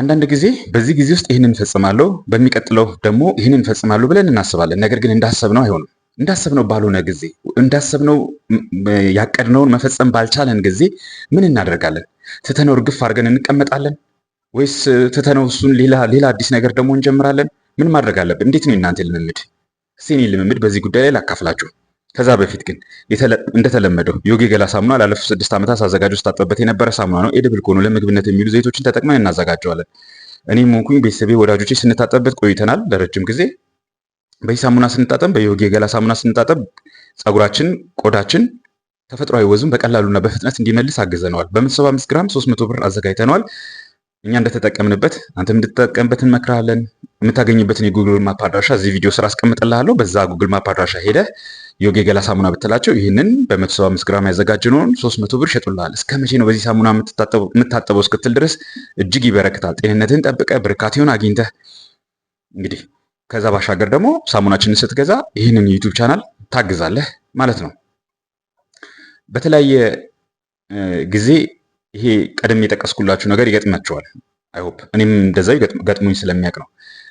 አንዳንድ ጊዜ በዚህ ጊዜ ውስጥ ይህንን እንፈጽማለሁ፣ በሚቀጥለው ደግሞ ይህንን እንፈጽማለሁ ብለን እናስባለን። ነገር ግን እንዳሰብነው አይሆንም። እንዳሰብነው ባልሆነ ጊዜ፣ እንዳሰብነው ያቀድነውን መፈጸም ባልቻለን ጊዜ ምን እናደርጋለን? ትተነው እርግፍ አድርገን እንቀመጣለን ወይስ ትተነው እሱን ሌላ አዲስ ነገር ደግሞ እንጀምራለን? ምን ማድረግ አለብን? እንዴት ነው እናንተ ልምምድ? እስኪ እኔ ልምምድ በዚህ ጉዳይ ላይ ላካፍላችሁ። ከዛ በፊት ግን እንደተለመደው ዮጊ ገላ ሳሙና ላለፉት ስድስት ዓመታት ሳዘጋጀው ስታጠብበት የነበረ ሳሙና ነው። ኤድብል ከሆኑ ለምግብነት የሚሉ ዘይቶችን ተጠቅመን እናዘጋጀዋለን። እኔም ሆንኩኝ ቤተሰቤ፣ ወዳጆቼ ስንታጠብበት ቆይተናል ለረጅም ጊዜ። በዚህ ሳሙና ስንጣጠብ፣ በዮጊ ገላ ሳሙና ስንጣጠብ ጸጉራችን፣ ቆዳችን ተፈጥሯዊ ወዙን በቀላሉና በፍጥነት እንዲመልስ አግዘነዋል። በ175 ግራም 300 ብር አዘጋጅተነዋል። እኛ እንደተጠቀምንበት አንተም እንድትጠቀምበት እንመክርሃለን። የምታገኝበትን የጉግል ማፕ አድራሻ እዚህ ቪዲዮ ስራ አስቀምጥልሃለሁ። በዛ ጉግል ማፕ አድራሻ ሄደህ ዮጊ የገላ ሳሙና ብትላቸው ይህንን በ175 ግራም ያዘጋጀነውን 300 ብር ሸጡልሃል። እስከ መቼ ነው በዚህ ሳሙና የምታጠበው እስክትል ድረስ እጅግ ይበረክታል። ጤንነትን ጠብቀ ብርካቴውን አግኝተህ እንግዲህ ከዛ ባሻገር ደግሞ ሳሙናችንን ስትገዛ ይህንን ዩቱብ ቻናል ታግዛለህ ማለት ነው። በተለያየ ጊዜ ይሄ ቀደም የጠቀስኩላችሁ ነገር ይገጥማቸዋል። አይሆፕ እኔም እንደዛው ገጥሞኝ ስለሚያውቅ ነው።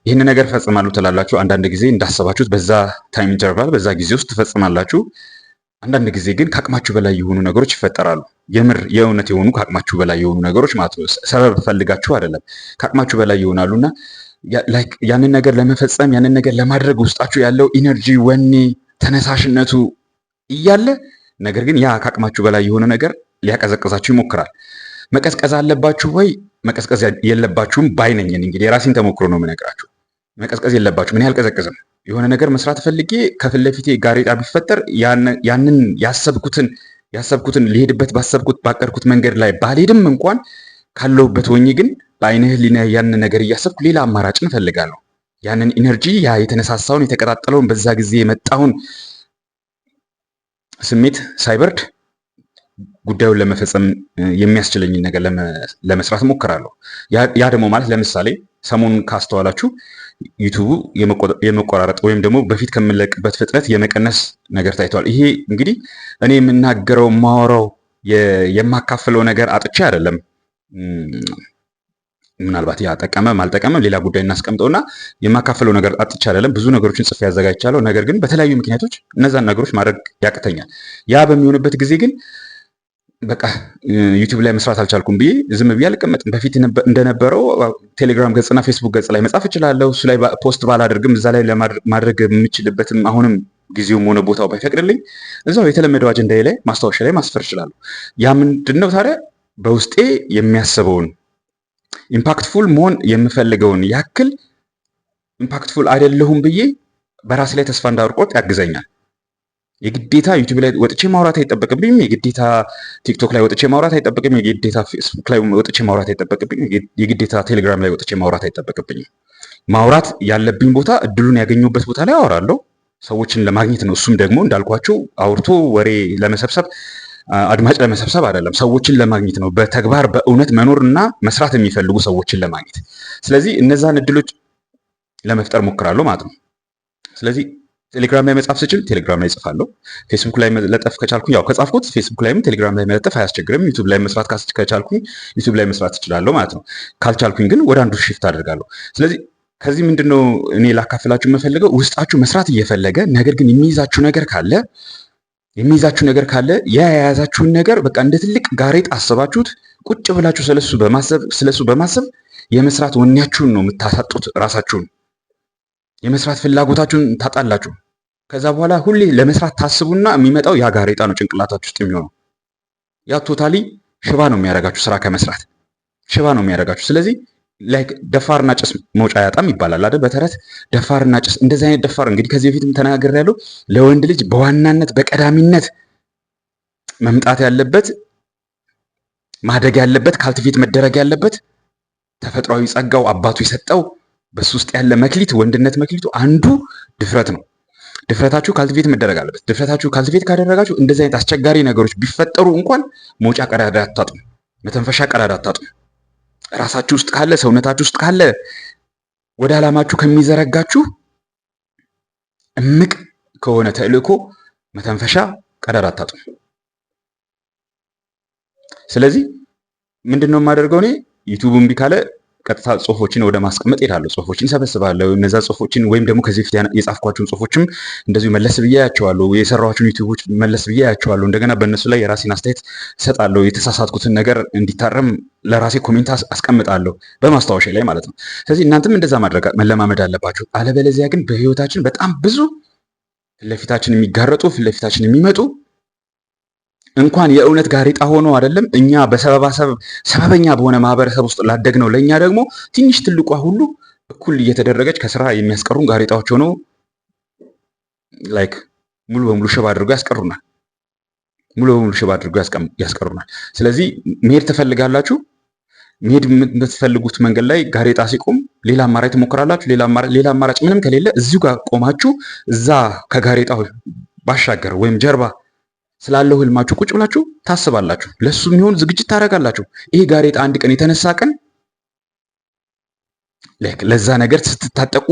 ይህን ነገር ፈጽማለሁ ትላላችሁ። አንዳንድ ጊዜ እንዳሰባችሁት በዛ ታይም ኢንተርቫል በዛ ጊዜ ውስጥ ትፈጽማላችሁ። አንዳንድ ጊዜ ግን ከአቅማችሁ በላይ የሆኑ ነገሮች ይፈጠራሉ። የምር የእውነት የሆኑ ከአቅማችሁ በላይ የሆኑ ነገሮች ማለት ነው። ሰበብ ፈልጋችሁ አይደለም፣ ከአቅማችሁ በላይ ይሆናሉና ያንን ነገር ለመፈጸም ያንን ነገር ለማድረግ ውስጣችሁ ያለው ኢነርጂ፣ ወኔ፣ ተነሳሽነቱ እያለ ነገር ግን ያ ከአቅማችሁ በላይ የሆነ ነገር ሊያቀዘቅዛችሁ ይሞክራል። መቀዝቀዝ አለባችሁ ወይ? መቀዝቀዝ የለባችሁም ባይነኝን እንግዲህ የራሴን ተሞክሮ ነው የምነግራችሁ። መቀዝቀዝ የለባቸው ምን ያልቀዘቀዝም የሆነ ነገር መስራት ፈልጌ ከፊት ለፊቴ ጋሬጣ ቢፈጠር ያንን ያሰብኩትን ያሰብኩትን ሊሄድበት ባሰብኩት ባቀድኩት መንገድ ላይ ባልሄድም እንኳን ካለሁበት ሆኜ ግን በአይነ ህሊና ያን ነገር እያሰብኩ ሌላ አማራጭን እፈልጋለሁ። ያንን ኢነርጂ ያ የተነሳሳውን የተቀጣጠለውን በዛ ጊዜ የመጣውን ስሜት ሳይበርድ ጉዳዩን ለመፈጸም የሚያስችለኝን ነገር ለመስራት እሞክራለሁ። ያ ደግሞ ማለት ለምሳሌ ሰሞኑን ካስተዋላችሁ ዩቱቡ የመቆራረጥ ወይም ደግሞ በፊት ከምንለቅበት ፍጥነት የመቀነስ ነገር ታይቷል። ይሄ እንግዲህ እኔ የምናገረው ማወራው የማካፍለው ነገር አጥቼ አይደለም። ምናልባት ያ ጠቀመም አልጠቀመም ሌላ ጉዳይ እናስቀምጠውና የማካፍለው ነገር አጥቼ አይደለም። ብዙ ነገሮችን ጽፌ ያዘጋጅቻለሁ። ነገር ግን በተለያዩ ምክንያቶች እነዛን ነገሮች ማድረግ ያቅተኛል። ያ በሚሆንበት ጊዜ ግን በቃ ዩቲዩብ ላይ መስራት አልቻልኩም ብዬ ዝም ብዬ አልቀመጥም። በፊት እንደነበረው ቴሌግራም ገጽና ፌስቡክ ገጽ ላይ መጻፍ እችላለሁ። እሱ ላይ ፖስት ባላደርግም እዛ ላይ ማድረግ የምችልበትም አሁንም ጊዜውም ሆነ ቦታው ባይፈቅድልኝ እዛው የተለመደው አጀንዳዬ ላይ ማስታወሻ ላይ ማስፈር እችላለሁ። ያ ምንድን ነው ታዲያ በውስጤ የሚያስበውን ኢምፓክትፉል መሆን የምፈልገውን ያክል ኢምፓክትፉል አይደለሁም ብዬ በራሴ ላይ ተስፋ እንዳርቆት ያግዘኛል። የግዴታ ዩቲዩብ ላይ ወጥቼ ማውራት አይጠበቅብኝም። የግዴታ ቲክቶክ ላይ ወጥቼ ማውራት አይጠበቅም። የግዴታ ፌስቡክ ላይ ወጥቼ ማውራት አይጠበቅብኝም። የግዴታ ቴሌግራም ላይ ወጥቼ ማውራት አይጠበቅብኝም። ማውራት ያለብኝ ቦታ እድሉን ያገኘበት ቦታ ላይ አወራለሁ። ሰዎችን ለማግኘት ነው። እሱም ደግሞ እንዳልኳቸው አውርቶ ወሬ ለመሰብሰብ አድማጭ ለመሰብሰብ አይደለም፣ ሰዎችን ለማግኘት ነው። በተግባር በእውነት መኖርና መስራት የሚፈልጉ ሰዎችን ለማግኘት ስለዚህ እነዛን እድሎች ለመፍጠር ሞክራለሁ ማለት ነው። ስለዚህ ቴሌግራም ላይ መጻፍ ስችል ቴሌግራም ላይ ጽፋለሁ። ፌስቡክ ላይ መለጠፍ ከቻልኩኝ ያው ከጻፍኩት ፌስቡክ ላይም ቴሌግራም ላይ መለጠፍ አያስቸግርም። ዩቱብ ላይ መስራት ከቻልኩኝ ዩቱብ ላይ መስራት እችላለሁ ማለት ነው። ካልቻልኩኝ ግን ወደ አንዱ ሽፍት አደርጋለሁ። ስለዚህ ከዚህ ምንድን ነው እኔ ላካፍላችሁ የምፈልገው ውስጣችሁ መስራት እየፈለገ ነገር ግን የሚይዛችሁ ነገር ካለ የሚይዛችሁ ነገር ካለ ያ የያዛችሁን ነገር በቃ እንደ ትልቅ ጋሬጥ አስባችሁት ቁጭ ብላችሁ ስለሱ በማሰብ ስለሱ በማሰብ የመስራት ወኔያችሁን ነው የምታሳጡት ራሳችሁን። የመስራት ፍላጎታችሁን ታጣላችሁ። ከዛ በኋላ ሁሌ ለመስራት ታስቡና የሚመጣው ያ ጋሬጣ ነው ጭንቅላታችሁ ውስጥ የሚሆነው። ያ ቶታሊ ሽባ ነው የሚያደርጋችሁ፣ ስራ ከመስራት ሽባ ነው የሚያደርጋችሁ። ስለዚህ ላይክ ደፋርና ጭስ መውጫ ያጣም ይባላል አይደል? በተረት ደፋርና ጭስ። እንደዚህ አይነት ደፋር እንግዲህ ከዚህ በፊትም ተናገር ያለው ለወንድ ልጅ በዋናነት በቀዳሚነት መምጣት ያለበት ማደግ ያለበት ካልቲቬት መደረግ ያለበት ተፈጥሯዊ ጸጋው አባቱ የሰጠው በሱ ውስጥ ያለ መክሊት ወንድነት መክሊቱ አንዱ ድፍረት ነው። ድፍረታችሁ ካልቲቬት መደረግ አለበት። ድፍረታችሁ ካልቲቬት ካደረጋችሁ እንደዚህ አይነት አስቸጋሪ ነገሮች ቢፈጠሩ እንኳን መውጫ ቀዳዳ አታጡም፣ መተንፈሻ ቀዳዳ አታጡም። ራሳችሁ ውስጥ ካለ ሰውነታችሁ ውስጥ ካለ ወደ ዓላማችሁ ከሚዘረጋችሁ እምቅ ከሆነ ተልእኮ መተንፈሻ ቀዳዳ አታጡም። ስለዚህ ምንድን ነው የማደርገው እኔ ዩቱብ እምቢ ካለ ቀጥታ ጽሁፎችን ወደ ማስቀመጥ ሄዳለሁ። ጽሁፎችን ሰበስባለሁ። እነዛ ጽሁፎችን ወይም ደግሞ ከዚህ በፊት የጻፍኳቸውን ጽሁፎችም እንደዚሁ መለስ ብዬ ያቸዋለሁ። የሰራኋቸውን ዩቲዩቦች መለስ ብዬ ያቸዋለሁ። እንደገና በእነሱ ላይ የራሴን አስተያየት ሰጣለሁ። የተሳሳትኩትን ነገር እንዲታረም ለራሴ ኮሜንት አስቀምጣለሁ፣ በማስታወሻ ላይ ማለት ነው። ስለዚህ እናንተም እንደዛ ማድረግ መለማመድ አለባችሁ። አለበለዚያ ግን በህይወታችን በጣም ብዙ ፊትለፊታችን የሚጋረጡ ፊትለፊታችን የሚመጡ እንኳን የእውነት ጋሬጣ ሆኖ አይደለም እኛ በሰበባ ሰበበኛ በሆነ ማህበረሰብ ውስጥ ላደግ ነው ለእኛ ደግሞ ትንሽ ትልቋ ሁሉ እኩል እየተደረገች ከስራ የሚያስቀሩን ጋሬጣዎች ሆኖ ላይክ ሙሉ በሙሉ ሽብ አድርጎ ያስቀሩናል። ሙሉ በሙሉ ሽብ አድርጎ ያስቀሩናል። ስለዚህ መሄድ ትፈልጋላችሁ። መሄድ የምትፈልጉት መንገድ ላይ ጋሬጣ ሲቆም ሌላ አማራጭ ትሞክራላችሁ። ሌላ አማራጭ ምንም ከሌለ እዚሁ ጋር ቆማችሁ እዛ ከጋሬጣው ባሻገር ወይም ጀርባ ስላለው ህልማችሁ ቁጭ ብላችሁ ታስባላችሁ። ለሱ የሚሆን ዝግጅት ታደርጋላችሁ። ይሄ ጋሬጣ አንድ ቀን የተነሳ ቀን ለዛ ነገር ስትታጠቁ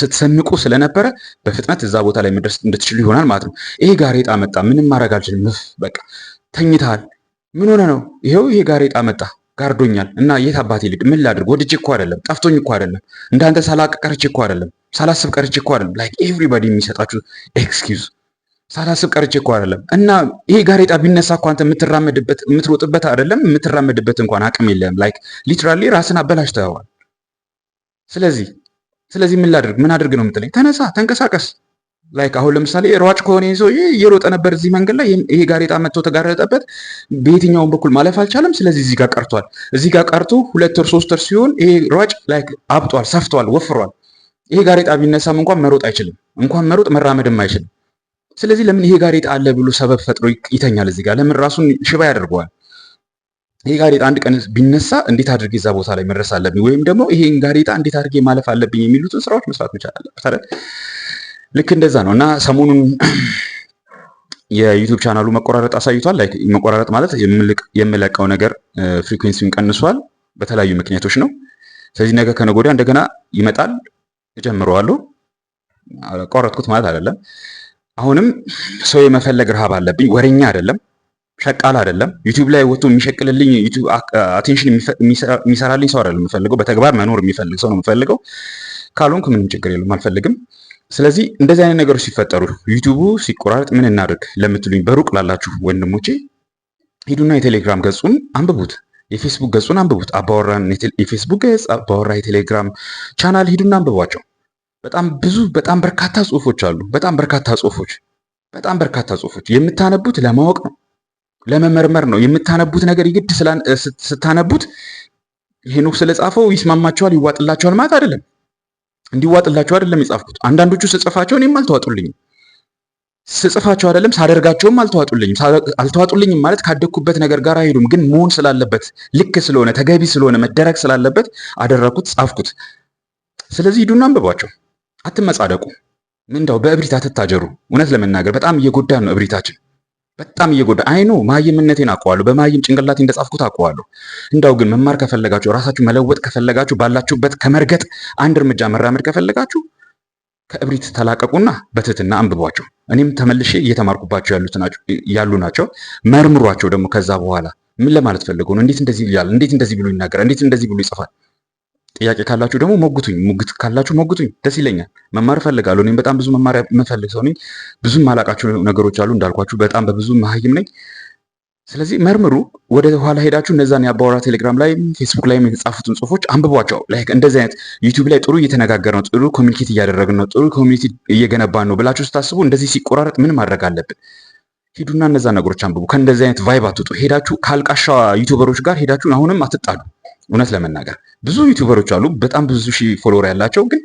ስትሰንቁ ስለነበረ በፍጥነት እዛ ቦታ ላይ መድረስ እንድትችሉ ይሆናል ማለት ነው። ይሄ ጋሬጣ መጣ፣ ምንም ማድረግ አልችልም። በቃ ተኝተሃል፣ ምን ሆነ ነው? ይሄው ይሄ ጋሬጣ መጣ ጋርዶኛል እና የት አባት ይልቅ ምን ላድርግ? ወድጄ እኮ አይደለም፣ ጠፍቶኝ እኮ አይደለም፣ እንዳንተ ሳላቅ ቀርቼ እኮ አይደለም፣ ሳላስብ ቀርቼ እኮ አይደለም። ላይክ ኤቭሪባዲ የሚሰጣችሁ ኤክስኪውዝ ሳላስብ ቀርቼ እኮ አይደለም። እና ይሄ ጋሬጣ ቢነሳ እኮ አንተ የምትራመድበት የምትሮጥበት አይደለም የምትራመድበት እንኳን አቅም የለም። ላይክ ሊትራሊ ራስን አበላሽተዋል። ስለዚህ ስለዚህ ምን ላድርግ ምን አድርግ ነው የምትለኝ? ተነሳ፣ ተንቀሳቀስ። ላይክ አሁን ለምሳሌ ሯጭ ከሆነ ሰውዬ እየሮጠ ነበር እዚህ መንገድ ላይ ይሄ ጋሬጣ መጥቶ ተጋረጠበት። በየትኛውን በኩል ማለፍ አልቻለም። ስለዚህ እዚህ ጋር ቀርቷል። እዚህ ጋር ቀርቶ ሁለት ወር ሶስት ወር ሲሆን ይሄ ሯጭ ላይክ አብጧል፣ ሰፍቷል፣ ወፍሯል። ይሄ ጋሬጣ ቢነሳም እንኳን መሮጥ አይችልም። እንኳን መሮጥ መራመድም አይችልም። ስለዚህ ለምን ይሄ ጋሬጣ አለ ብሎ ሰበብ ፈጥሮ ይተኛል እዚህ ጋር? ለምን ራሱን ሽባ ያደርገዋል? ይሄ ጋሬጣ አንድ ቀን ቢነሳ እንዴት አድርጌ እዛ ቦታ ላይ መድረስ አለብኝ፣ ወይም ደግሞ ይሄን ጋሬጣ እንዴት አድርጌ ማለፍ አለብኝ የሚሉትን ስራዎች መስራት መቻል አለበት አይደል? ልክ እንደዛ ነው እና ሰሞኑን የዩቱብ ቻናሉ መቆራረጥ አሳይቷል። መቆራረጥ ማለት የምለቀው ነገር ፍሪኩንሲውን ቀንሷል፣ በተለያዩ ምክንያቶች ነው። ስለዚህ ነገ ከነገ ወዲያ እንደገና ይመጣል፣ እጀምረዋለሁ። ቆረጥኩት ማለት አይደለም። አሁንም ሰው የመፈለግ ረሃብ አለብኝ። ወረኛ አይደለም፣ ሸቃል አይደለም። ዩቲዩብ ላይ ወጥቶ የሚሸቅልልኝ አቴንሽን የሚሰራልኝ ሰው አይደለም የምፈልገው። በተግባር መኖር የሚፈልግ ሰው ነው የምፈልገው። ካልሆንክ ምንም ችግር የለም፣ አልፈልግም። ስለዚህ እንደዚህ አይነት ነገሮች ሲፈጠሩ ዩቲዩቡ ሲቆራረጥ ምን እናድርግ ለምትሉኝ በሩቅ ላላችሁ ወንድሞቼ ሂዱና የቴሌግራም ገጹን አንብቡት፣ የፌስቡክ ገጹን አንብቡት። አባወራን የፌስቡክ ገጽ፣ አባወራ የቴሌግራም ቻናል ሂዱና አንብቧቸው። በጣም ብዙ በጣም በርካታ ጽሁፎች አሉ። በጣም በርካታ ጽሁፎች በጣም በርካታ ጽሁፎች የምታነቡት ለማወቅ ነው፣ ለመመርመር ነው። የምታነቡት ነገር ይግድ ስታነቡት ሄኖክ ስለጻፈው ይስማማቸዋል፣ ይዋጥላቸዋል ማለት አይደለም። እንዲዋጥላቸው አይደለም የጻፍኩት። አንዳንዶቹ ስጽፋቸው እኔም አልተዋጡልኝም። ስጽፋቸው አይደለም ሳደርጋቸውም አልተዋጡልኝም። አልተዋጡልኝም ማለት ካደግኩበት ነገር ጋር አይሄዱም። ግን መሆን ስላለበት ልክ ስለሆነ ተገቢ ስለሆነ መደረግ ስላለበት አደረግኩት፣ ጻፍኩት። ስለዚህ ሂዱና አንብቧቸው። አትመጻደቁ። ምንዳው በእብሪት አትታጀሩ። እውነት ለመናገር በጣም እየጎዳን ነው እብሪታችን በጣም እየጎዳ አይኑ መሀይምነቴን አውቀዋለሁ። በመሀይም ጭንቅላቴ እንደጻፍኩት አውቀዋለሁ። እንዳው ግን መማር ከፈለጋችሁ ራሳችሁ መለወጥ ከፈለጋችሁ ባላችሁበት ከመርገጥ አንድ እርምጃ መራመድ ከፈለጋችሁ ከእብሪት ተላቀቁና በትህትና አንብቧቸው። እኔም ተመልሼ እየተማርኩባቸው ያሉ ናቸው። መርምሯቸው ደግሞ ከዛ በኋላ ምን ለማለት ፈልገው ነው? እንዴት እንደዚህ ይላል? እንዴት እንደዚህ ብሎ ይናገራል? እንዴት እንደዚህ ብሎ ይጽፋል? ጥያቄ ካላችሁ ደግሞ ሞግቱኝ። ሙግት ካላችሁ ሞግቱኝ፣ ደስ ይለኛል። መማር እፈልጋለሁ። እኔም በጣም ብዙ መማር የምፈልግ ሰው ነኝ። ብዙ ማላቃችሁ ነገሮች አሉ እንዳልኳችሁ፣ በጣም በብዙ መሀይም ነኝ። ስለዚህ መርምሩ። ወደ ኋላ ሄዳችሁ እነዛን የአባወራ ቴሌግራም ላይ ፌስቡክ ላይ የተጻፉትን ጽሁፎች አንብቧቸው። ላይክ እንደዚህ አይነት ዩቲዩብ ላይ ጥሩ እየተነጋገር ነው፣ ጥሩ ኮሚኒኬት እያደረግን ነው፣ ጥሩ ኮሚኒቲ እየገነባን ነው ብላችሁ ስታስቡ እንደዚህ ሲቆራረጥ ምን ማድረግ አለብን? ሂዱና እነዛ ነገሮች አንብቡ። ከእንደዚህ አይነት ቫይብ አትውጡ። ሄዳችሁ ከአልቃሻ ዩቱበሮች ጋር ሄዳችሁን አሁንም አትጣሉ። እውነት ለመናገር ብዙ ዩቲዩበሮች አሉ፣ በጣም ብዙ ሺህ ፎሎወር ያላቸው ግን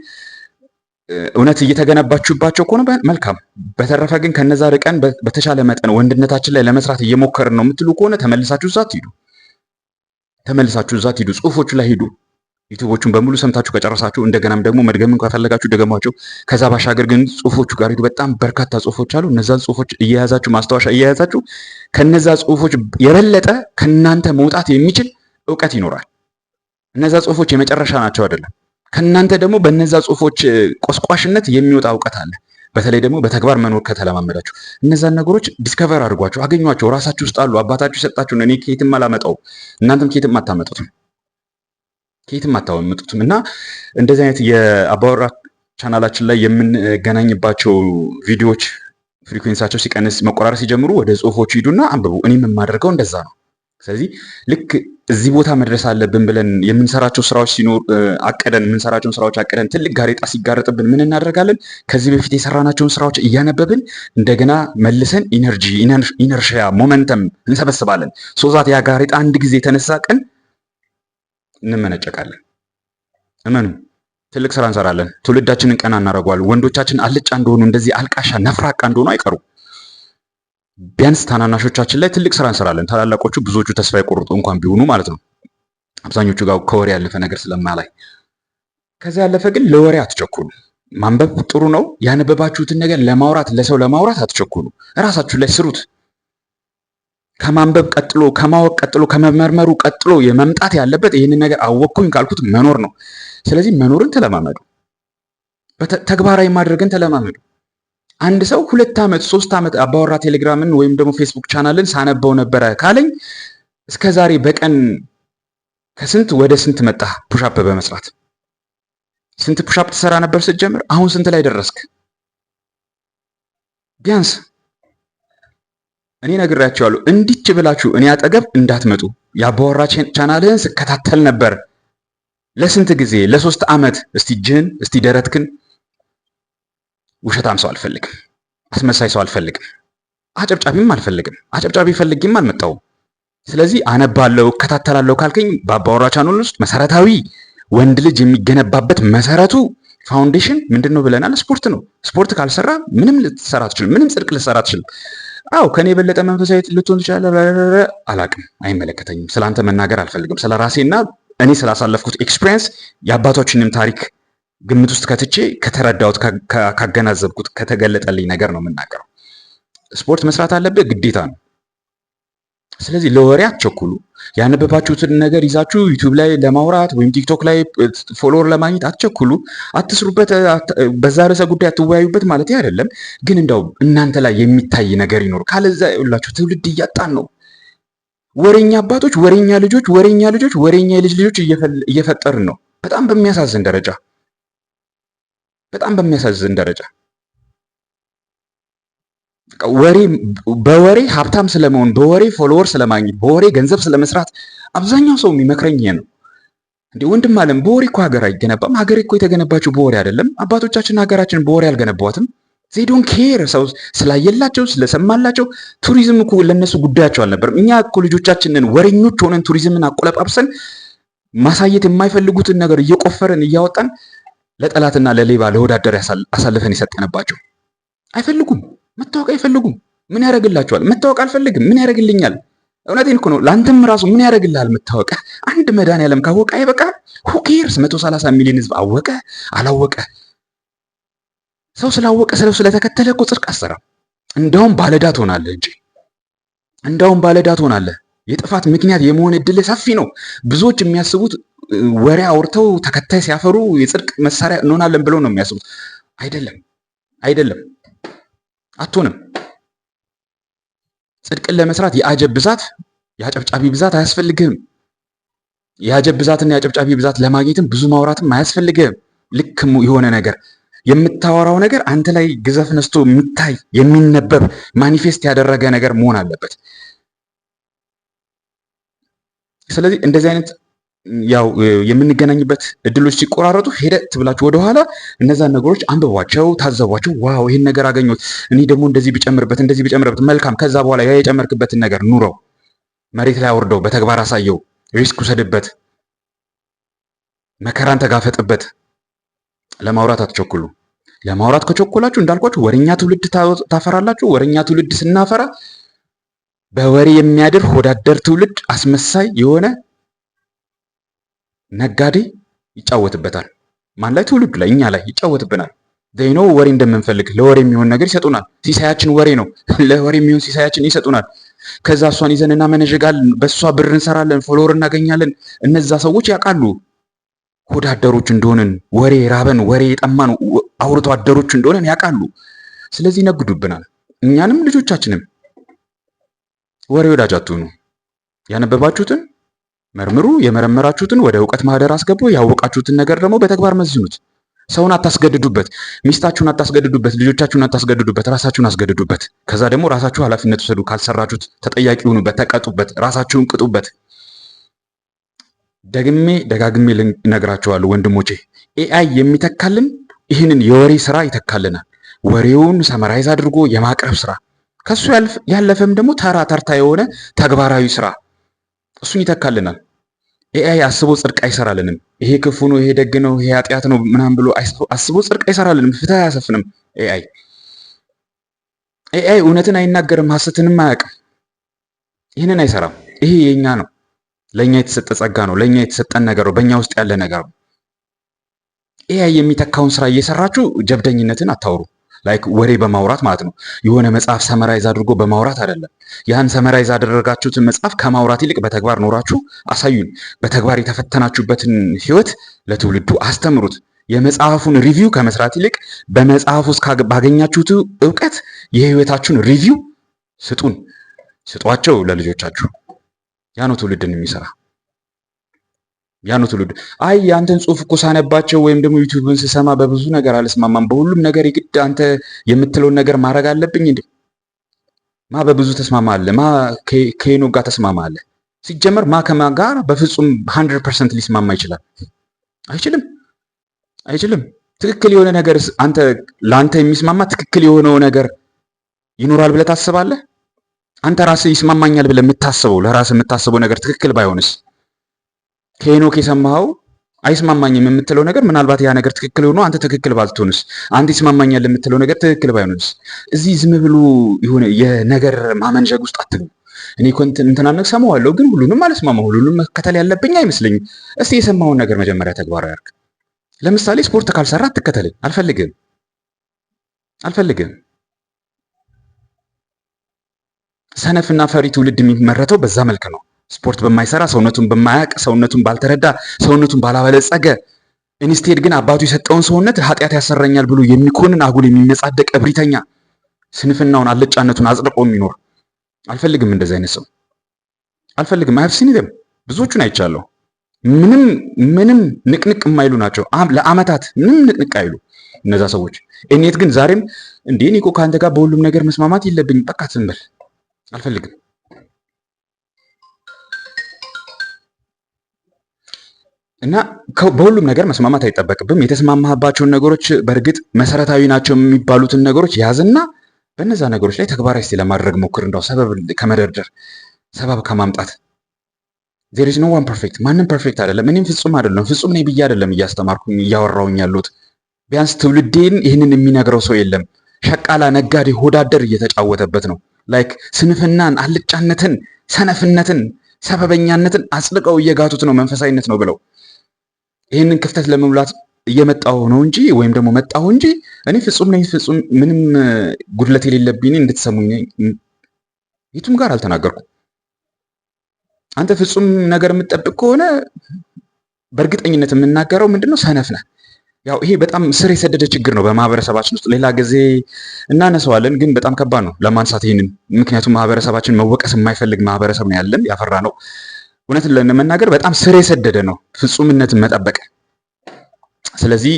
እውነት እየተገነባችሁባቸው ከሆነ መልካም። በተረፈ ግን ከነዛ ርቀን በተሻለ መጠን ወንድነታችን ላይ ለመስራት እየሞከርን ነው የምትሉ ከሆነ ተመልሳችሁ እዛ ትሂዱ፣ ተመልሳችሁ እዛ ትሂዱ፣ ጽሁፎቹ ላይ ሂዱ። ዩቲዩቦቹን በሙሉ ሰምታችሁ ከጨረሳችሁ እንደገናም ደግሞ መድገምን ከፈለጋችሁ ደገሟቸው። ከዛ ባሻገር ግን ጽሁፎቹ ጋር ሂዱ። በጣም በርካታ ጽሁፎች አሉ። እነዛን ጽሁፎች እየያዛችሁ ማስታወሻ እየያዛችሁ ከነዛ ጽሁፎች የበለጠ ከእናንተ መውጣት የሚችል እውቀት ይኖራል። እነዛ ጽሁፎች የመጨረሻ ናቸው አይደለም። ከእናንተ ደግሞ በእነዛ ጽሁፎች ቆስቋሽነት የሚወጣ እውቀት አለ። በተለይ ደግሞ በተግባር መኖር ከተለማመዳችሁ እነዛን ነገሮች ዲስከቨር አድርጓቸው፣ አገኟቸው። ራሳችሁ ውስጥ አሉ። አባታችሁ የሰጣችሁ እኔ ከየትም አላመጣው፣ እናንተም ከየትም አታመጡትም፣ ከየትም አታመጡትም። እና እንደዚህ አይነት የአባወራ ቻናላችን ላይ የምንገናኝባቸው ቪዲዮዎች ፍሪኩዌንሳቸው ሲቀንስ መቆራረስ ሲጀምሩ ወደ ጽሁፎቹ ሂዱና አንብቡ። እኔም የማደርገው እንደዛ ነው። ስለዚህ ልክ እዚህ ቦታ መድረስ አለብን ብለን የምንሰራቸው ስራዎች ሲኖር አቀደን የምንሰራቸውን ስራዎች አቅደን ትልቅ ጋሬጣ ሲጋረጥብን ምን እናደርጋለን? ከዚህ በፊት የሰራናቸውን ስራዎች እያነበብን እንደገና መልሰን ኢነርጂ፣ ኢነርሽያ፣ ሞመንተም እንሰበስባለን። ሶዛት ያ ጋሬጣ አንድ ጊዜ የተነሳ ቀን እንመነጨቃለን። እመኑ፣ ትልቅ ስራ እንሰራለን። ትውልዳችንን ቀና እናደርገዋለን። ወንዶቻችን አልጫ እንደሆኑ እንደዚህ አልቃሻ ነፍራቃ እንደሆኑ አይቀሩም። ቢያንስ ታናናሾቻችን ላይ ትልቅ ስራ እንሰራለን። ታላላቆቹ ብዙዎቹ ተስፋ የቆረጡ እንኳን ቢሆኑ ማለት ነው። አብዛኞቹ ጋር ከወሬ ያለፈ ነገር ስለማላይ። ከዚ ያለፈ ግን ለወሬ አትቸኩሉ። ማንበብ ጥሩ ነው። ያነበባችሁትን ነገር ለማውራት ለሰው ለማውራት አትቸኩሉ። እራሳችሁ ላይ ስሩት። ከማንበብ ቀጥሎ ከማወቅ ቀጥሎ ከመመርመሩ ቀጥሎ የመምጣት ያለበት ይህንን ነገር አወቅኩኝ ካልኩት መኖር ነው። ስለዚህ መኖርን ተለማመዱ፣ ተግባራዊ ማድረግን ተለማመዱ። አንድ ሰው ሁለት ዓመት ሶስት ዓመት አባወራ ቴሌግራምን ወይም ደግሞ ፌስቡክ ቻናልን ሳነበው ነበረ ካለኝ እስከ ዛሬ በቀን ከስንት ወደ ስንት መጣ? ፑሻፕ በመስራት ስንት ፑሻፕ ትሰራ ነበር ስትጀምር? አሁን ስንት ላይ ደረስክ? ቢያንስ እኔ ነግሬያቸዋለሁ፣ እንዲች ብላችሁ እኔ አጠገብ እንዳትመጡ። የአባወራ ቻናልህን ስከታተል ነበር ለስንት ጊዜ? ለሶስት ዓመት። እስቲ እጅህን እስቲ ደረትክን ውሸታም ሰው አልፈልግም። አስመሳይ ሰው አልፈልግም። አጨብጫቢም አልፈልግም። አጨብጫቢ ፈልጌም አልመጣውም። ስለዚህ አነባለሁ፣ እከታተላለሁ ካልከኝ በአባወራ ቻናል ውስጥ መሰረታዊ ወንድ ልጅ የሚገነባበት መሰረቱ ፋውንዴሽን ምንድን ነው ብለናል? ስፖርት ነው። ስፖርት ካልሰራ ምንም ልትሰራ አትችልም። ምንም ጽድቅ ልትሰራ አትችልም። አዎ ከኔ የበለጠ መንፈሳዊ ልትሆን ትችላለህ። አላቅም፣ አይመለከተኝም። ስለአንተ መናገር አልፈልግም። ስለ ራሴና እኔ ስላሳለፍኩት ኤክስፒሪየንስ የአባቶችንም ታሪክ ግምት ውስጥ ከትቼ ከተረዳሁት፣ ካገናዘብኩት፣ ከተገለጠልኝ ነገር ነው የምናገረው። ስፖርት መስራት አለብህ ግዴታ ነው። ስለዚህ ለወሬ አትቸኩሉ። ያነበባችሁትን ነገር ይዛችሁ ዩቲዩብ ላይ ለማውራት ወይም ቲክቶክ ላይ ፎሎወር ለማግኘት አትቸኩሉ። አትስሩበት፣ በዛ ርዕሰ ጉዳይ አትወያዩበት ማለት አይደለም። ግን እንደው እናንተ ላይ የሚታይ ነገር ይኖር። ካለዛ ይኸውላችሁ ትውልድ እያጣን ነው። ወሬኛ አባቶች፣ ወሬኛ ልጆች፣ ወሬኛ ልጆች፣ ወሬኛ የልጅ ልጆች እየፈጠርን ነው በጣም በሚያሳዝን ደረጃ። በጣም በሚያሳዝን ደረጃ ወሬ በወሬ ሀብታም ስለመሆን በወሬ ፎሎወር ስለማግኘት በወሬ ገንዘብ ስለመስራት አብዛኛው ሰው የሚመክረኝ ይሄ ነው። እንዴ ወንድም አለም በወሬ እኮ ሀገር አይገነባም። ሀገር እኮ የተገነባችው በወሬ አይደለም። አባቶቻችን ሀገራችን በወሬ አልገነባትም። ዜዶን ኬር ሰው ስላየላቸው ስለሰማላቸው ቱሪዝም እኮ ለእነሱ ጉዳያቸው አልነበርም። እኛ እኮ ልጆቻችንን ወሬኞች ሆነን ቱሪዝምን አቆለጳብሰን ማሳየት የማይፈልጉትን ነገር እየቆፈርን እያወጣን ለጠላትና ለሌባ ለወዳደር አሳልፈን ይሰጠንባቸው አይፈልጉም። መታወቅ አይፈልጉም። ምን ያደርግላቸዋል? መታወቅ አልፈልግም። ምን ያደርግልኛል? እውነቴን እኮ ነው። ለአንተም ራሱ ምን ያደርግልሃል መታወቅ? አንድ መዳን ያለም ካወቀ አይበቃ? ሁኬርስ መቶ ሚሊዮን ህዝብ አወቀ አላወቀ፣ ሰው ስላወቀ ሰው ስለተከተለ እኮ ጽድቅ አሰራም። እንደውም ባለዕዳ ትሆናለህ እንጂ እንደውም ባለዕዳ ትሆናለህ። የጥፋት ምክንያት የመሆን እድል ሰፊ ነው። ብዙዎች የሚያስቡት ወሬ አውርተው ተከታይ ሲያፈሩ የጽድቅ መሳሪያ እንሆናለን ብለው ነው የሚያስቡት። አይደለም፣ አይደለም፣ አትሆንም። ጽድቅን ለመስራት የአጀብ ብዛት፣ የአጨብጫቢ ብዛት አያስፈልግህም። የአጀብ ብዛትና የአጨብጫቢ ብዛት ለማግኘትም ብዙ ማውራትም አያስፈልግህም። ልክ የሆነ ነገር የምታወራው ነገር አንተ ላይ ግዘፍ ነስቶ የሚታይ የሚነበብ ማኒፌስት ያደረገ ነገር መሆን አለበት። ስለዚህ እንደዚህ አይነት ያው የምንገናኝበት እድሎች ሲቆራረጡ ሄደ ትብላችሁ ወደኋላ እነዛን ነገሮች አንብቧቸው፣ ታዘቧቸው። ዋው ይህን ነገር አገኘሁት፣ እኔ ደግሞ እንደዚህ ብጨምርበት፣ እንደዚህ ብጨምርበት፣ መልካም። ከዛ በኋላ ያ የጨመርክበትን ነገር ኑረው፣ መሬት ላይ አውርደው፣ በተግባር አሳየው፣ ሪስክ ውሰድበት፣ መከራን ተጋፈጥበት። ለማውራት አትቸኩሉ። ለማውራት ከቸኮላችሁ እንዳልኳችሁ ወረኛ ትውልድ ታፈራላችሁ። ወረኛ ትውልድ ስናፈራ በወሬ የሚያድር ሆዳደር ትውልድ አስመሳይ የሆነ ነጋዴ ይጫወትበታል። ማን ላይ? ትውልዱ ላይ፣ እኛ ላይ ይጫወትብናል። ዘይኖ ወሬ እንደምንፈልግ ለወሬ የሚሆን ነገር ይሰጡናል። ሲሳያችን ወሬ ነው። ለወሬ የሚሆን ሲሳያችን ይሰጡናል። ከዛ እሷን ይዘን እናመነዥጋለን። በእሷ ብር እንሰራለን፣ ፎሎወር እናገኛለን። እነዛ ሰዎች ያውቃሉ ሆዳደሮች እንደሆንን፣ ወሬ ራበን፣ ወሬ የጠማን አውርቶ አደሮች እንደሆነን ያውቃሉ። ስለዚህ ይነግዱብናል፣ እኛንም ልጆቻችንም ወሬ ወዳጅ አትሁኑ። ያነበባችሁትን መርምሩ፣ የመረመራችሁትን ወደ እውቀት ማህደር አስገቡ፣ ያወቃችሁትን ነገር ደግሞ በተግባር መዝኑት። ሰውን አታስገድዱበት፣ ሚስታችሁን አታስገድዱበት፣ ልጆቻችሁን አታስገድዱበት፣ ራሳችሁን አስገድዱበት። ከዛ ደግሞ ራሳችሁ ኃላፊነት ውሰዱ። ካልሰራችሁት ተጠያቂ ሁኑበት፣ ተቀጡበት፣ ራሳችሁን ቅጡበት። ደግሜ ደጋግሜ ልነግራችኋለሁ ወንድሞቼ፣ ኤአይ የሚተካልን ይህንን የወሬ ስራ ይተካልናል። ወሬውን ሰመራይዝ አድርጎ የማቅረብ ስራ ከሱ ያለፈም ደግሞ ተራ ተርታ የሆነ ተግባራዊ ስራ እሱን ይተካልናል። ኤአይ አስቦ ጽድቅ አይሰራልንም። ይሄ ክፉ ነው፣ ይሄ ደግ ነው፣ ይሄ ኃጢአት ነው ምናምን ብሎ አስቦ ጽድቅ አይሰራልንም። ፍትህ አያሰፍንም። ኤአይ ኤአይ እውነትን አይናገርም፣ ሀሰትንም አያውቅም። ይህንን አይሰራም። ይሄ የኛ ነው፣ ለእኛ የተሰጠ ጸጋ ነው፣ ለእኛ የተሰጠን ነገር ነው፣ በእኛ ውስጥ ያለ ነገር ነው። ኤአይ የሚተካውን ስራ እየሰራችሁ ጀብደኝነትን አታውሩ። ላይክ ወሬ በማውራት ማለት ነው። የሆነ መጽሐፍ ሰመራይዝ አድርጎ በማውራት አይደለም። ያን ሰመራይዝ ያደረጋችሁትን መጽሐፍ ከማውራት ይልቅ በተግባር ኖራችሁ አሳዩን። በተግባር የተፈተናችሁበትን ህይወት ለትውልዱ አስተምሩት። የመጽሐፉን ሪቪው ከመስራት ይልቅ በመጽሐፍ ውስጥ ባገኛችሁት እውቀት የህይወታችሁን ሪቪው ስጡን፣ ስጧቸው ለልጆቻችሁ። ያ ነው ትውልድን የሚሰራ ያኑ ትውልድ። አይ የአንተን ጽሁፍ እኮ ሳነባቸው ወይም ደግሞ ዩቲዩብን ስሰማ በብዙ ነገር አልስማማም፣ በሁሉም ነገር የግድ አንተ የምትለውን ነገር ማድረግ አለብኝ እንዴ? ማ በብዙ ተስማማለ? ማ ከኖ ጋር ተስማማለህ። ሲጀመር ማ ከማ ጋር በፍጹም ሀንድረድ ፐርሰንት ሊስማማ ይችላል? አይችልም፣ አይችልም። ትክክል የሆነ ነገር አንተ ለአንተ የሚስማማ ትክክል የሆነው ነገር ይኖራል ብለህ ታስባለህ? አንተ ራስህ ይስማማኛል ብለህ የምታስበው ለራስህ የምታስበው ነገር ትክክል ባይሆንስ ከሄኖክ የሰማኸው አይስማማኝም የምትለው ነገር ምናልባት ያ ነገር ትክክል ሆኖ አንተ ትክክል ባልትሆንስ፣ አንተ ይስማማኛል የምትለው ነገር ትክክል ባይሆንስ፣ እዚህ ዝም ብሎ የሆነ የነገር ማመንዠግ ውስጥ አትግቡ። እኔ እንትናን ሰማዋለሁ፣ ግን ሁሉንም አልስማማ፣ ሁሉንም መከተል ያለብኝ አይመስለኝም። እስቲ የሰማውን ነገር መጀመሪያ ተግባራዊ አድርግ። ለምሳሌ ስፖርት ካልሰራ አትከተለኝ፣ አልፈልግም፣ አልፈልግም። ሰነፍና ፈሪ ትውልድ የሚመረተው በዛ መልክ ነው። ስፖርት በማይሰራ ሰውነቱን በማያቅ ሰውነቱን ባልተረዳ ሰውነቱን ባላበለጸገ ኢንስቴድ ግን አባቱ የሰጠውን ሰውነት ኃጢአት ያሰራኛል ብሎ የሚኮንን አጉል የሚመጻደቅ እብሪተኛ ስንፍናውን አለጫነቱን አጽድቆ የሚኖር አልፈልግም። እንደዚህ አይነት ሰው አልፈልግም። አይሀፍ ደም ብዙዎቹን አይቻለሁ። ምንም ምንም ንቅንቅ የማይሉ ናቸው። ለአመታት ምንም ንቅንቅ አይሉ እነዛ ሰዎች። እኔት ግን ዛሬም እንዴ ኒቆ ከአንተ ጋር በሁሉም ነገር መስማማት የለብኝም በቃ ትንበል አልፈልግም። እና በሁሉም ነገር መስማማት አይጠበቅብም። የተስማማህባቸውን ነገሮች በእርግጥ መሰረታዊ ናቸው የሚባሉትን ነገሮች ያዝና በነዛ ነገሮች ላይ ተግባራዊ ለማድረግ ሞክር። እንደው ሰበብ ከመደርደር ሰበብ ከማምጣት ዜር ኢዝ ኖ ዋን ፐርፌክት። ማንም ፐርፌክት አይደለም። እኔም ፍጹም አይደለም፣ ፍጹም ነኝ ብዬ አይደለም እያስተማርኩኝ እያወራውኝ ያሉት። ቢያንስ ትውልዴን ይህንን የሚነግረው ሰው የለም። ሸቃላ ነጋዴ፣ ሆዳደር እየተጫወተበት ነው። ላይክ ስንፍናን፣ አልጫነትን፣ ሰነፍነትን፣ ሰበበኛነትን አጽድቀው እየጋቱት ነው። መንፈሳዊነት ነው ብለው ይህንን ክፍተት ለመሙላት እየመጣሁ ነው እንጂ ወይም ደግሞ መጣሁ እንጂ እኔ ፍጹም ነኝ፣ ፍጹም ምንም ጉድለት የሌለብኝ እንድትሰሙኝ የቱም ጋር አልተናገርኩም። አንተ ፍጹም ነገር የምትጠብቅ ከሆነ በእርግጠኝነት የምናገረው ምንድነው ሰነፍ ነህ። ያው ይሄ በጣም ስር የሰደደ ችግር ነው በማህበረሰባችን ውስጥ። ሌላ ጊዜ እናነሰዋለን ግን በጣም ከባድ ነው ለማንሳት ይህንን። ምክንያቱም ማህበረሰባችን መወቀስ የማይፈልግ ማህበረሰብ ነው ያለን ያፈራ ነው። እውነትን ለመናገር በጣም ስር የሰደደ ነው ፍጹምነትን መጠበቅ። ስለዚህ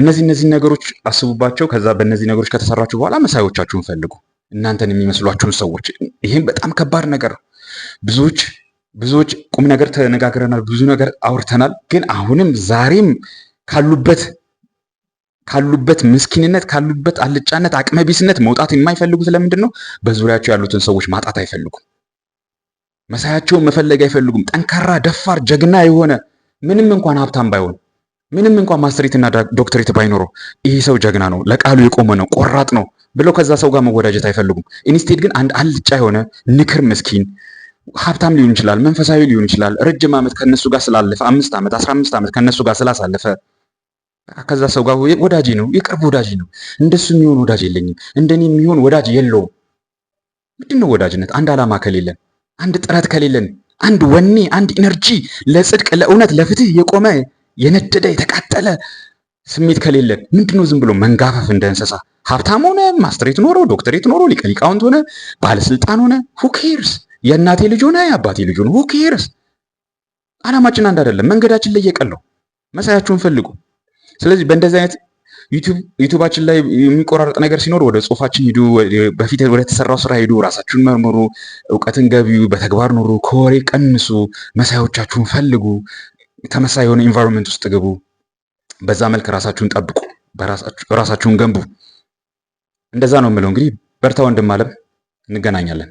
እነዚህ እነዚህ ነገሮች አስቡባቸው። ከዛ በእነዚህ ነገሮች ከተሰራችሁ በኋላ መሳዮቻችሁን ፈልጉ፣ እናንተን የሚመስሏችሁን ሰዎች። ይህም በጣም ከባድ ነገር ነው። ብዙዎች ብዙዎች ቁም ነገር ተነጋግረናል፣ ብዙ ነገር አውርተናል። ግን አሁንም ዛሬም ካሉበት ካሉበት ምስኪንነት ካሉበት አልጫነት አቅመቢስነት መውጣት የማይፈልጉ ስለምንድን ነው? በዙሪያቸው ያሉትን ሰዎች ማጣት አይፈልጉም። መሳያቸውን መፈለግ አይፈልጉም። ጠንካራ፣ ደፋር፣ ጀግና የሆነ ምንም እንኳን ሀብታም ባይሆን ምንም እንኳን ማስትሬትና ዶክትሬት ባይኖረው ይሄ ሰው ጀግና ነው፣ ለቃሉ የቆመ ነው፣ ቆራጥ ነው ብለው ከዛ ሰው ጋር መወዳጀት አይፈልጉም። ኢንስቴድ ግን አንድ አልጫ የሆነ ንክር ምስኪን ሀብታም ሊሆን ይችላል፣ መንፈሳዊ ሊሆን ይችላል፣ ረጅም ዓመት ከነሱ ጋር ስላለፈ አምስት ዓመት አስራ አምስት ዓመት ከነሱ ጋር ስላሳለፈ ከዛ ሰው ጋር ወዳጅ ነው፣ የቅርብ ወዳጅ ነው። እንደሱ የሚሆን ወዳጅ የለኝም፣ እንደኔ የሚሆን ወዳጅ የለውም። ምንድን ነው ወዳጅነት? አንድ ዓላማ ከሌለን አንድ ጥረት ከሌለን፣ አንድ ወኔ፣ አንድ ኢነርጂ ለጽድቅ፣ ለእውነት፣ ለፍትህ የቆመ የነደደ የተቃጠለ ስሜት ከሌለን ምንድነው ዝም ብሎ መንጋፈፍ እንደ እንስሳ ሀብታም ሆነ ማስትሬት ኖሮ ዶክተሬት ኖሮ ሊቀ ሊቃውንት ሆነ ባለስልጣን ሆነ ሁኬርስ የእናቴ ልጅ ሆነ የአባቴ ልጅ ሆነ ሁኬርስ አላማችን አንድ አይደለም መንገዳችን ለየቀል ነው መሳያችሁን ፈልጉ ስለዚህ በእንደዚህ አይነት ዩቱባችን ላይ የሚቆራረጥ ነገር ሲኖር ወደ ጽሁፋችን ሂዱ፣ በፊት ወደ ተሰራው ስራ ሂዱ፣ ራሳችሁን መርምሩ፣ እውቀትን ገቢው፣ በተግባር ኑሩ፣ ከወሬ ቀንሱ፣ መሳዮቻችሁን ፈልጉ፣ ተመሳ የሆነ ኢንቫይሮንመንት ውስጥ ግቡ። በዛ መልክ ራሳችሁን ጠብቁ፣ ራሳችሁን ገንቡ። እንደዛ ነው የምለው። እንግዲህ በርታ ወንድም አለም፣ እንገናኛለን።